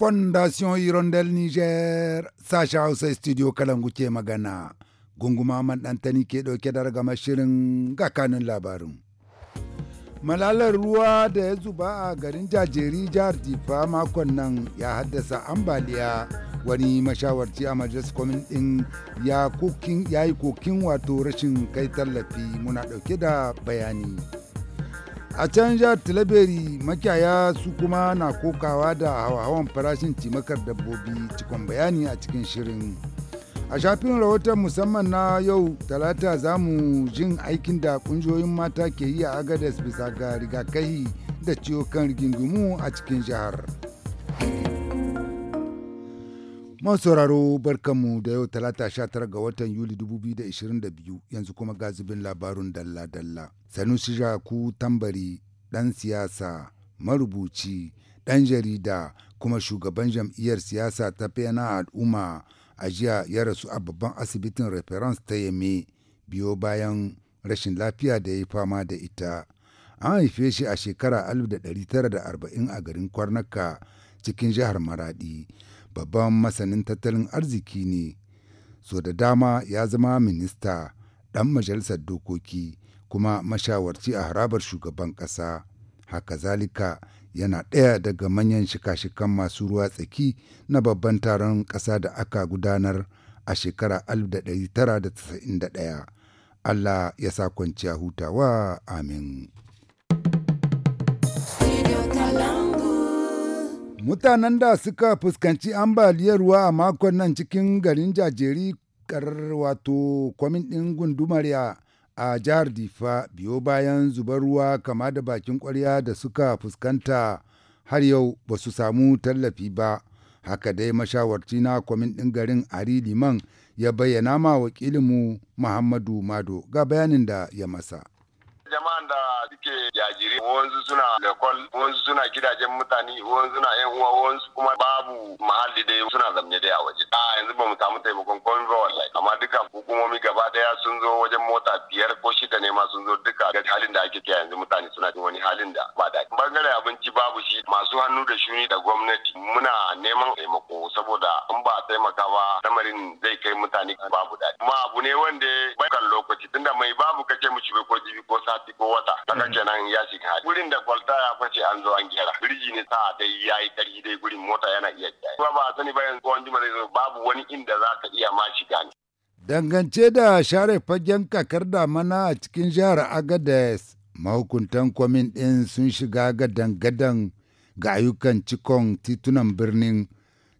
fondation hirondel niger sasha hausa studio kalangu ke magana gunguma man ɗantani ke ɗauke da ragamar shirin gakanin kanin labarin malalar ruwa da ya zuba a garin jajeri jihar difa makon nan ya haddasa ambaliya wani mashawarci a majalis kwamin din ya yi kokin wato rashin kai tallafi muna dauke da bayani a can jihar talaberi makiyaya su kuma na kokawa da hawa-hawan farashin cimakar dabbobi cikon bayani a cikin shirin a shafin rahoton musamman na yau talata za mu jin aikin da kungiyoyin mata ke yi a agadas bisa ga rigakahi da ciwo kan rigingimu a cikin jihar. sauraro barkanmu da yau talata sha tara ga watan Yuli 2022 yanzu kuma ga zubin labarun dalla-dalla. Sanusi ku Tambari, ɗan siyasa, marubuci, ɗan jarida, kuma shugaban jam'iyyar siyasa ta fena al'umma a jiya ya rasu a babban asibitin reference ta yame biyo bayan rashin lafiya da ya fama da ita. An haife shi a shekara 1940 a garin Kwarnaka cikin jihar Maradi. babban masanin tattalin arziki ne so da dama ya zama minista ɗan majalisar dokoki kuma mashawarci a harabar shugaban ƙasa haka zalika yana ɗaya daga manyan shika-shikan masu ruwa tsaki na babban taron ƙasa da aka gudanar a shekara 1991 Allah ya sa kwanciya hutawa amin. Mutanen da suka fuskanci ambaliyar ruwa a makon nan cikin garin jajeri karar wato kwamin ɗin gundumar a jihar Difa biyo bayan zubar ruwa kama da bakin kwarya da suka fuskanta har yau ba su samu tallafi ba. Haka dai mashawarci na kwamin ɗin garin Ari Liman ya bayyana ma wakilinmu Muhammadu Mado ga bayanin da ya masa. jama'an da suke jajiri wanzu suna lekol wanzu suna gidajen mutane wanzu suna yan uwa wanzu kuma babu mahalli dai suna zamne dai a waje a yanzu ba mu samu taimakon komai ba wallahi amma duka hukumomi gaba daya sun zo wajen mota biyar ko shida ne ma sun zo duk da shuni da gwamnati muna neman taimako saboda in ba taimaka ba lamarin zai kai mutane babu daɗi kuma abu ne wanda kan lokaci tunda mai babu kace mu ci ko jibi ko sati ko wata kaga kenan mm. ya shiga hali gurin da kwalta ya kwace an zo an gyara birji ne sa dai yayi karfi dai gurin mota yana iya jaya kuma ba sani ba yanzu wani jima zai babu wani inda za ka iya ma shiga ne dangance da share fagen kakar da mana a cikin jihar agadez mahukuntan kwamin ɗin sun shiga gadan-gadan ga ayyukan cikon titunan birnin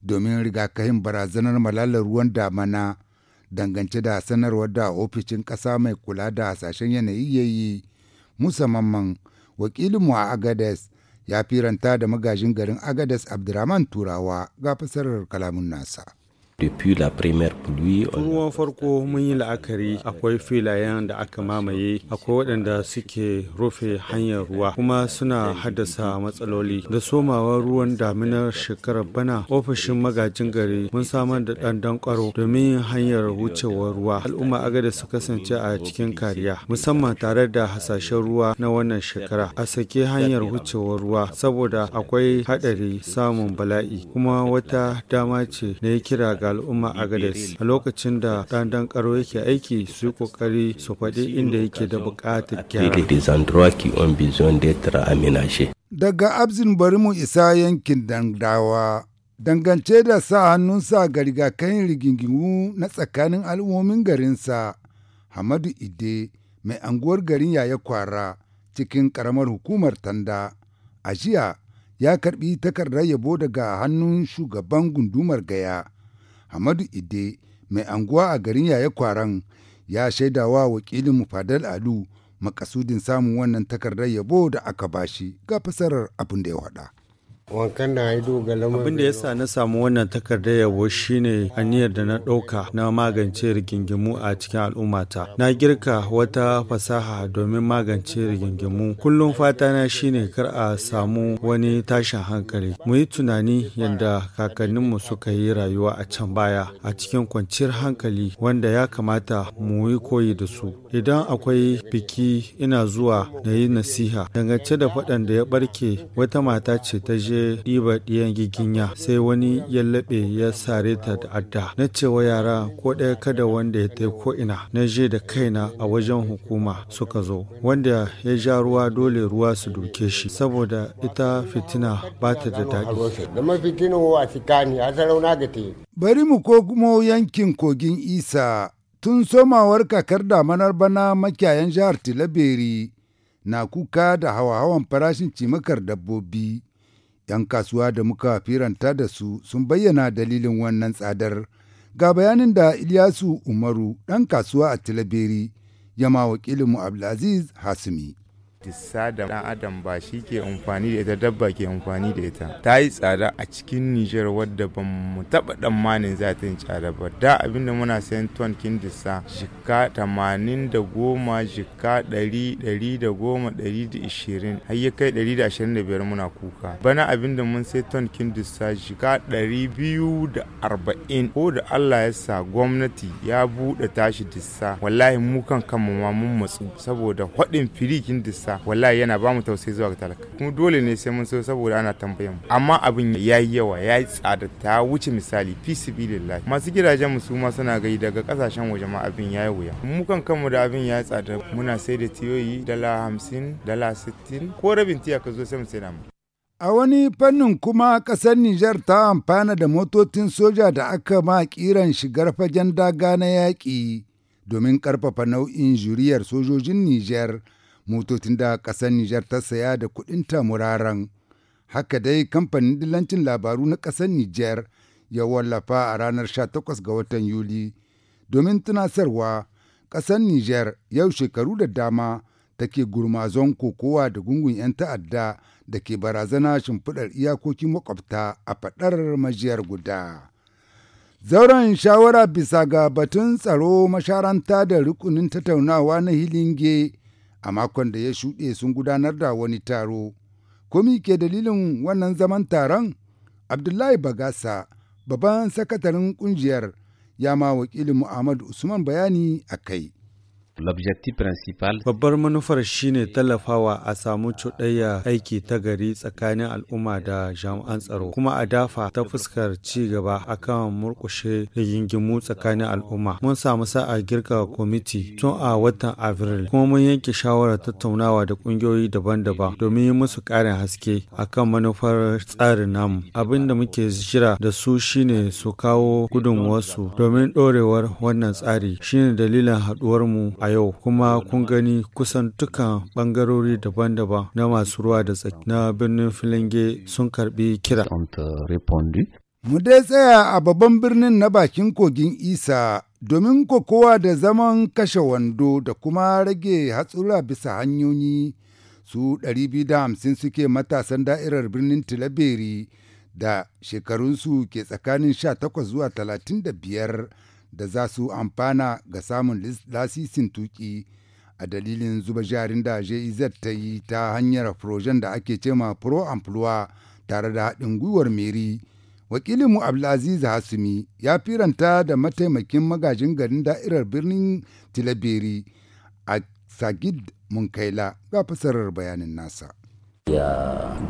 domin rigakafin barazanar malalar ruwan damana dangance da sanarwar da ofishin ƙasa mai kula da hasashen yanayi ya yi musamman wakilinmu a agades ya firanta da magajin garin agades abdurrahman turawa ga fasarar kalamun nasa depuis la première pluie. Ruwan farko mun yi la'akari akwai filayen da aka mamaye akwai waɗanda suke rufe hanyar ruwa kuma suna haddasa matsaloli. Da somawar ruwan daminar shekarar bana ofishin magajin gari mun samar da ɗandan ƙwaro domin hanyar wucewar ruwa. Al'umma agada su kasance a cikin kariya musamman tare da hasashen ruwa na wannan shekara. A sake hanyar wucewar ruwa saboda akwai haɗari samun bala'i kuma wata dama ce na kira ga al'umma a gadas a lokacin da ɗan karo yake aiki su yi kokari su faɗi inda yake da buƙatar gyara. Daga Abzin bari mu isa yankin Dandawa. Dangance da sa hannunsa ga rigakan rigingimu na tsakanin al'ummomin garinsa, Hamadu Ide, mai anguwar garin yaya kwara cikin karamar hukumar Tanda, a jiya ya karɓi takardar yabo daga hannun shugaban gundumar Gaya. Hamadu Ide mai anguwa a garin Yaya Kwaran ya shaida wa wakilin mu Fadal Alu makasudin samun wannan takardar yabo da aka bashi ga fasarar abin da ya faɗa. wankan da ya ga abin yasa na samu wannan takardar yabo shine aniyar da na ɗauka na magance rigingimu a cikin al'ummata na girka wata fasaha domin magance rigingimu kullum fata na shine kar a samu wani tashin hankali mu yi tunani yadda kakanninmu suka yi rayuwa a can baya a cikin kwanciyar hankali wanda ya kamata mu yi koyi da su idan akwai biki ina zuwa na yi nasiha dangance da faɗan da ya ɓarke wata mata ce ta je ce ɗiba ɗiyan giginya sai wani ya laɓe ya sare ta da adda. Na cewa yara ko ɗaya kada wanda ya tai ko ina. Na je da kaina a wajen hukuma suka zo. Wanda ya ja ruwa dole ruwa su duke shi saboda ita fitina ba ta da daɗi. Bari mu ko kuma yankin kogin Isa tun somawar kakar damanar bana makiyayan jihar Tilaberi na kuka da hawa-hawan farashin cimakar dabbobi. 'Yan kasuwa da muka firanta da su sun bayyana dalilin wannan tsadar. Ga bayanin da Ilyasu Umaru ɗan kasuwa a Tilaberi ma wakilinmu Abdulaziz Hasimi. dissa da dan adam ba shi ke amfani da ita dabba ke amfani da ita ta yi tsada a cikin nijar wadda ban mu taba manin za ta yi tsada ba da abinda muna sayan ton kin dissa jika tamanin da goma jika ɗari ɗari da goma ɗari da ishirin har ya kai ɗari da ashirin da biyar muna kuka bana abinda mun sai ton kin dissa jika ɗari biyu da arba'in ko da Allah ya sa gwamnati ya buɗe tashi dissa wallahi mu kan kanmu ma mun matsu saboda haɗin firikin dissa sa wallahi yana ba mu tausayi zuwa ga talaka kuma dole ne sai mun so saboda ana tambayan mu amma abin ya yi yawa ya yi tsada ta wuce misali fi sibilillahi masu gidajen mu su ma suna gai daga kasashen waje ma abin ya yi wuya mu kan kanmu da abin ya yi tsada muna sai da tiyoyi dala hamsin dala sittin ko rabin tiya ka zo sai mu sai mu A wani fannin kuma kasar Nijar ta amfana da motocin soja da aka ma kiran shigar fagen daga na yaƙi domin ƙarfafa nau'in juriyar sojojin Nijar motocin da ƙasar Nijar ta saya da kuɗinta muraran. Haka dai kamfanin dillancin labaru na ƙasar Nijar ya wallafa a ranar 18 ga watan Yuli. Domin tunasarwa, ƙasar Nijar yau shekaru da dama take gurmazon kokowa da gungun 'yan ta'adda da ke barazana shimfiɗar iyakokin makwabta a faɗar majiyar guda. Zauren shawara bisa ga batun tsaro masharanta da rukunin tattaunawa na Hilinge a makon da ya shuɗe sun gudanar da wani taro komi ke dalilin wannan zaman taron abdullahi bagasa babban sakataren kungiyar ya ma wakilin muhammadu usman bayani a kai Babbar manufar shine tallafawa a samu cuɗayya aiki ta gari tsakanin al'umma da jami'an tsaro, kuma a dafa ta fuskar ci gaba akan murƙushe rigingimu tsakanin al'umma. Mun samu sa'a girka kwamiti tun a watan Afril, kuma mun yanke shawarar tattaunawa da ƙungiyoyi daban-daban domin yi musu ƙarin haske akan manufar tsarin namu. Abin da muke jira da su shine su kawo gudunmuwarsu domin ɗorewar wannan tsari shine dalilin haɗuwarmu a a yau kuma kun gani kusan dukkan bangarori daban-daban na masu ruwa da tsaki na birnin filinge sun karbi kira. Mu dai tsaya a babban birnin na bakin kogin Isa domin kokowa da zaman kashe wando da kuma rage hatsura bisa hanyoyi su 250 suke matasan da'irar birnin Tilaberi da shekarunsu ke tsakanin 18 zuwa 35 da za su amfana ga samun lasisin tuki a dalilin zuba jarin da JEZ ta yi ta hanyar projen da ake cema Pro Amplua tare da haɗin gwiwar Meri. Wakilinmu Abdulaziz Hasumi ya firanta da mataimakin magajin garin da'irar birnin Tilaberi a Sagid Munkaila ga fasarar bayanin nasa. Ya yeah,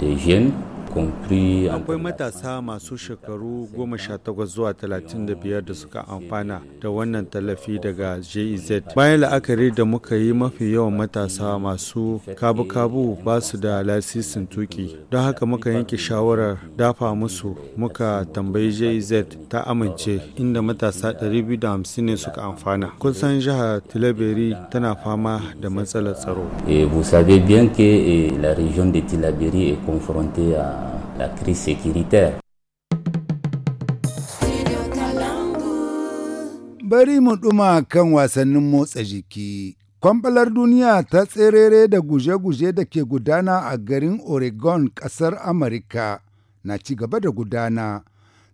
akwai matasa masu shekaru 18 zuwa 35 da suka amfana da wannan tallafi daga jez bayan la'akari da muka yi mafi yawan matasa masu kabu-kabu ba su da lasisin tuki don haka muka yanke shawarar dafa musu muka tambayi jez ta amince inda matasa 250 ne suka amfana kusan jihar tilaberi tana fama da matsalar tsaro vous eh, de tilaberi est la crise sécuritaire. Bari mu ɗuma kan wasannin motsa jiki. kwambalar duniya ta tserere da guje-guje da ke gudana a garin Oregon ƙasar Amerika na ci gaba da gudana.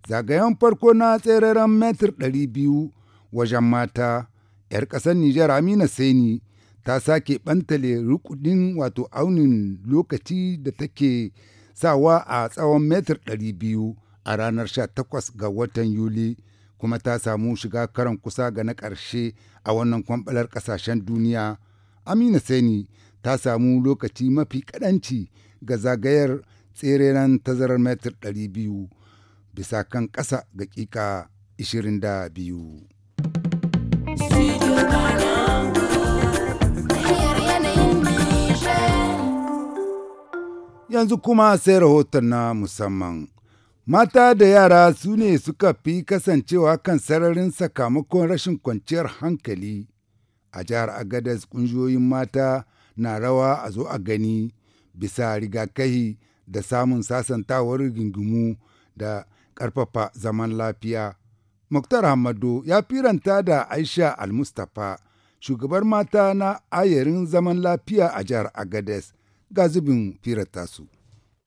Zagayen farko na tsereren metir 200 wajen mata, 'yar ƙasar Nijar Amina saini ta sake bantale rukudin wato aunin lokaci da take sawa a tsawon metir 200 a ranar 18 ga watan Yuli kuma ta samu shiga karan kusa ga na ƙarshe a wannan kwamfalar ƙasashen duniya. Amina saini ta samu lokaci mafi kaɗanci ga zagayar tseren tazarar metir 200 bisa kan ƙasa ga ƙiƙa 22. Yanzu kuma sai rahoton na musamman. Mata da yara su ne suka fi kasancewa kan sararin sakamakon rashin kwanciyar hankali. A jihar Agadez ƙungiyoyin mata na rawa a zo a gani bisa rigakahi da samun sasantawar rigingimu da ƙarfafa zaman lafiya. Muktar Hamadu ya firanta da Aisha Al-Mustapha, shugabar mata na ayarin zaman lafiya a jihar Agadez. ga zubin firar tasu.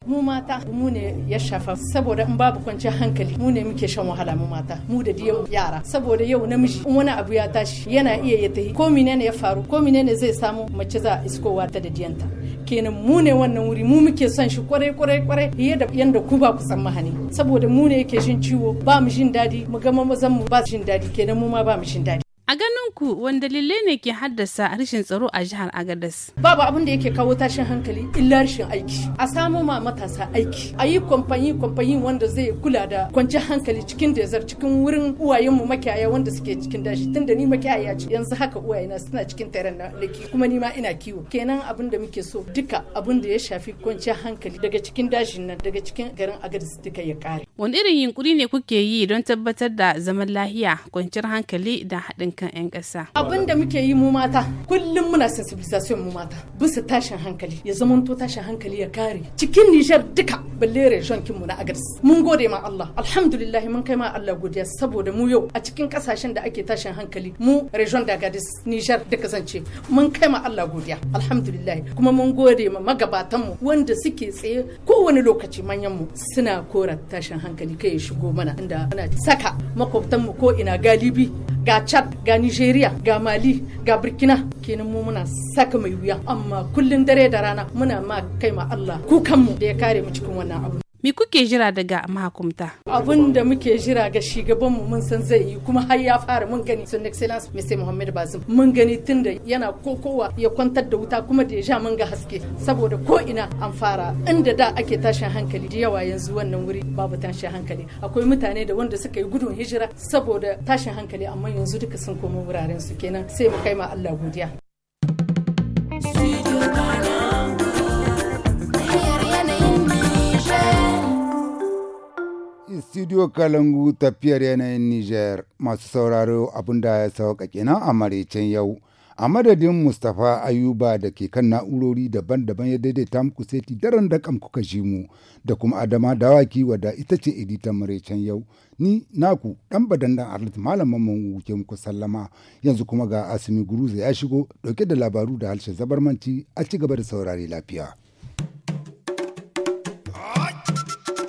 mu mata mu ne ya shafa saboda in babu kwanciyar hankali mu ne muke shan wahala mu mata mu da diyan yara saboda yau namiji in wani abu ya tashi yana iya ya tahi ko menene ya faru ko menene zai samu mace za a iskowa ta da diyanta kenan mu ne wannan wuri mu muke son shi kwarai kwarai kwarai fiye da yanda ku ba ku san mahani saboda mu ne yake jin ciwo ba mu jin dadi mu ga mazan mu ba jin dadi kenan mu ma ba mu jin dadi A ganin ku wani dalilai ne ke haddasa rashin tsaro a jihar Agadas? Babu abin da yake kawo tashin hankali illa rashin aiki. A samo ma matasa aiki. A yi kwamfani kwamfani wanda zai kula da kwanciyar hankali cikin desert cikin wurin uwayenmu makiyaya wanda suke cikin dashi da ni makiyaya ce yanzu haka uwayena suna cikin taron na laki kuma ni ma ina kiwo. Kenan abin da muke so duka abin da ya shafi kwanciyar hankali daga cikin dashin nan daga cikin garin Agadas duka ya kare. Wani irin yunkuri ne kuke yi don tabbatar da zaman lahiya, kwanciyar hankali da haɗin kan 'yan ƙasa. Abin da muke yi mu mata kullum muna sensibilisation mu mata bisa tashin hankali ya zamanto tashin hankali ya kare cikin Nijar duka balle region kinmu na Agadez. Mun gode ma Allah alhamdulillah mun kai ma Allah godiya saboda mu yau a cikin kasashen da ake tashin hankali mu region da Agadez Nijar da kasance mun kai ma Allah godiya alhamdulillah kuma mun gode ma mu wanda suke tsaye kowane lokaci manyan mu suna kora tashin hankali kai ya shigo mana inda ana saka mu ko ina galibi ga chad ga nigeria ga mali ga burkina kenan mu muna saka mai wuya amma kullum dare da rana muna ma kai ma allah kukanmu da ya kare mu cikin wannan abu Me kuke jira daga mahakumta? Abin da muke jira ga shugabanmu mun san zai yi kuma har ya fara mun gani sun excellence Mr. Muhammad Bazum. Mun gani tun da yana kokowa ya kwantar da wuta kuma da ya sha mun ga haske saboda ko ina an fara inda da ake tashin hankali da yawa yanzu wannan wuri babu tashin hankali. Akwai mutane da wanda suka yi gudun hijira saboda tashin hankali amma yanzu duka sun koma wuraren su kenan sai mu kai ma Allah godiya. studio kalangu tafiyar yanayin niger masu sauraro da ya sauka kenan a maraicen yau a madadin mustapha ayuba da ke kan na'urori daban-daban ya daidaita muku seti daren da kam kuka ji mu da kuma adama dawaki wadda ita ce editan maraicen yau ni naku dan badandan arlit malaman mun ke muku sallama yanzu kuma ga asimi guruza ya shigo dauke da labaru da harshen zabarmanci a ci gaba da saurare lafiya.